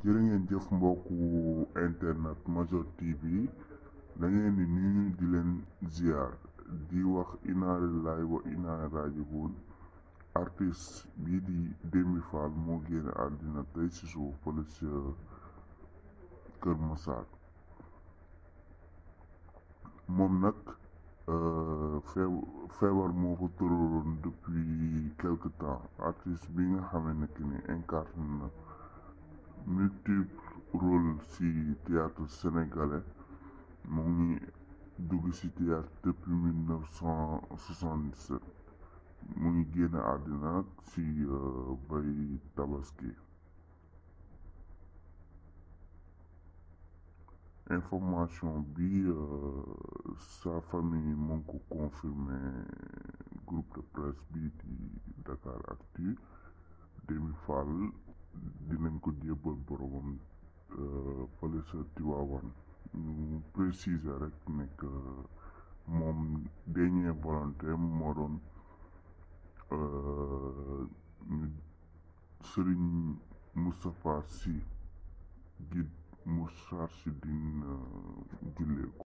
jërë ngeen jëf mbokku internet Major TV dañu leen di nuyu di leen ziar di wax inna lillahi wa inna ilayhi raji'un artiste bii di Démby Fall moo génn àddina tey ci suuf fële ca Kër Massar moom nag euh, feebar moo ko tëraloon depuis quelque temps artiste bi nga xamante ne incarne na multiple rôle ci théâtre sénégalais mu ngi dugg ci théâtre depuis mille neuf cent soixante-dix-sept àddina ci euh, bay tabaski information bi euh, sa famille mu ko confirmé groupe de presse bi di Dakar Actu Demi Fall dinañ ko jébbal boromam euh, fële sa Tiwaawan ñu préciser rek nekk moom dernier volonté moo doon euh, ñu Sëriñ Moustapha Sy guide Moustarchidine euh, jullee ko